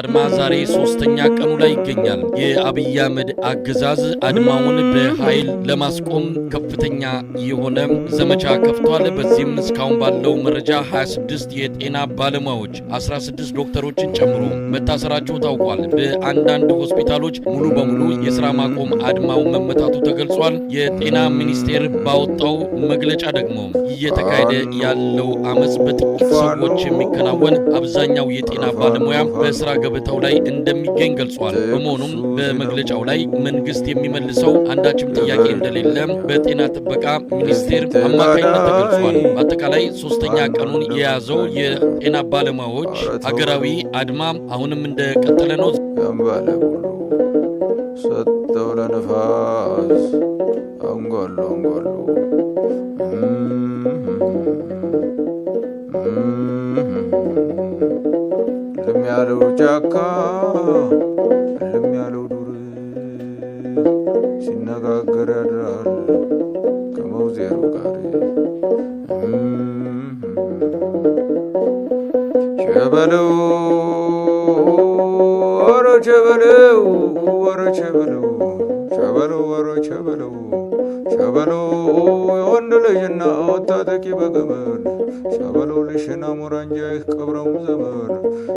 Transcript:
አድማ ዛሬ ሶስተኛ ቀኑ ላይ ይገኛል። የአብይ አህመድ አገዛዝ አድማውን በኃይል ለማስቆም ከፍተኛ የሆነ ዘመቻ ከፍቷል። በዚህም እስካሁን ባለው መረጃ 26 የጤና ባለሙያዎች 16 ዶክተሮችን ጨምሮ መታሰራቸው ታውቋል። በአንዳንድ ሆስፒታሎች ሙሉ በሙሉ የስራ ማቆም አድማው መመታቱ ተገልጿል። የጤና ሚኒስቴር ባወጣው መግለጫ ደግሞ እየተካሄደ ያለው አመፅ በጥቂት ሰዎች የሚከናወን አብዛኛው የጤና ባለሙያ በስራ ገበታው ላይ እንደሚገኝ ገልጿል። በመሆኑም በመግለጫው ላይ መንግስት የሚመልሰው አንዳችም ጥያቄ እንደሌለ በጤና ጥበቃ ሚኒስቴር አማካኝነት ተገልጿል። በአጠቃላይ ሶስተኛ ቀኑን የያዘው የጤና ባለሙያዎች ሀገራዊ አድማ አሁንም እንደቀጠለ ነው። ሰጠው ለነፋስ አንጓሉ አንጓሉ ያለው ጫካ እልም ያለው ዱር ሲነጋገር ያድራል ከመውዜሩ ጋር ሸበለው ወረ ቸበለው ወረ ቸበለው ቸበለው ወረ ቸበለው ሸበለው የወንድ ልጅና ወታጠቂ በገመድ ሸበለው ልሽና ሙራንጃ ይህ ቀብረውም ዘመድ